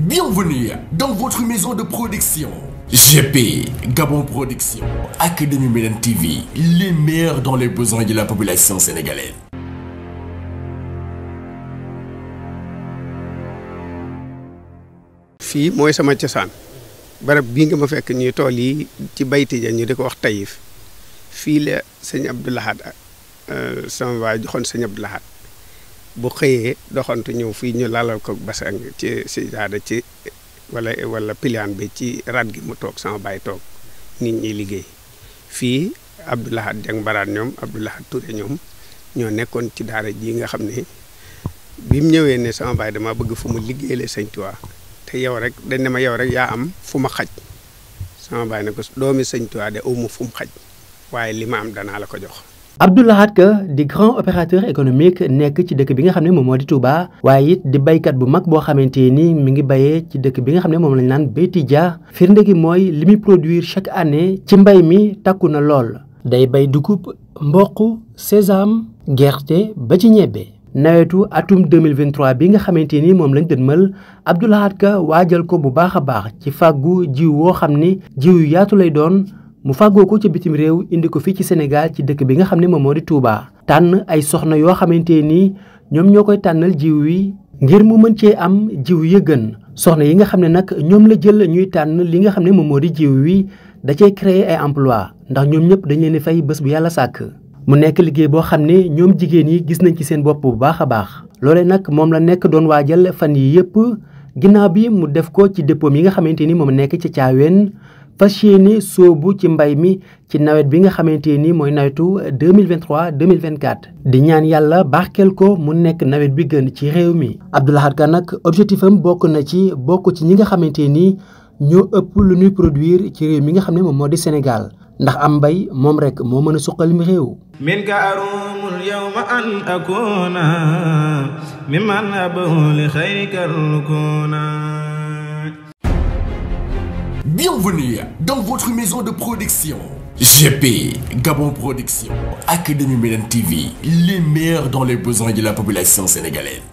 Bienvenue dans votre maison de production. GP, Gabon Production, Académie Médane TV, les meilleurs dans les besoins de la population sénégalaise. fii mooy sama cosaan barab bii nga ma fekk ñuy tool yi ci bayti ja ñu di ko wax tayif fii la sëñ Abdou euh, sama waa joxoon sëñ Abdou bu xëyee doxantu ñëw fii ñu lalal ko basang ci si daada ci walla wala pilaan bi ci rat gi mu toog sama baay toog nit ñi liggéey fii Abdoulahat Jeng Baraat ñoom Abdoulahat Touré ñoom ñoo nekkoon ci daara ji nga xam ne bi mu ñëwee ne sama baay dama bëgg fu mu liggéeyee Sëñ Tuubaa te yow rek dañ ne ma yow rek yaa am fu ma xaj sama baay ne ko doomi Sëñ Tuubaa de aw ma fu xaj waaye li ma am danaa la ko jox Abdou Lahad Ka di grand opérateur économique nekk ci dëkk bi nga xam ne moom moo di Touba waaye it di baykat bu mag boo xamante ni mi ngi bayee ci dëkk bi nga xam ne moom lañu naan Béyti Dia firnde gi mooy li muy produire chaque année ci mbay mi takku na lool day bay dugub mboq sésame gerte ba ci ñebbe nawetu atum 2023 bi nga xamante ni moom lañ dënmal Abdou Lahad Ka waajal ko bu baax a baax ci fàggu jiw woo xam ni jiw yu yaatu lay doon mu fàggoo ko ca bitim réew indi ko fii ci Sénégal ci dëkk bi nga xam ne moom moo di Touba. tànn ay soxna yoo xamante ni ñoom ñoo koy tànnal jiw wi ngir mu mën cee am jiw ya gën soxna yi nga xam ne nag ñoom la jël ñuy tànn li nga xam ne moom moo di jiw wi da cee créer ay emploi ndax ñoom ñëpp dañu leen di fay bés bu yàlla sàkk. mu nekk liggéey boo xam ne ñoom jigéen yi gis nañ ci seen bopp bu baax a baax. loole nag moom la nekk doon waajal fan yii yëpp ginnaaw bi mu def ko ci dépôt yi nga xamante ni moom nekk ci caaween fas yéene bu ci mbay mi ci nawet bi nga xamante ni mooy nawetu 2023 2024 di ñaan yàlla baaxkel ko mu nekk nawet bi gën ci réew mi Abdou Lahad Ka nag objectif am bokk na ci bokk ci ñi nga xamante ni ñoo ëpp lu ñuy produire ci réew mi nga xam ne moom moo di Sénégal ndax am mbay moom rek moo mën a suqal mi réew min ka arumul yawma an akuna mimman abahu li xayrika rukuna Bienvenue dans votre maison de production. GP, Gabon Production, Académie Médine TV, les meilleurs dans les besoins de la population sénégalaise.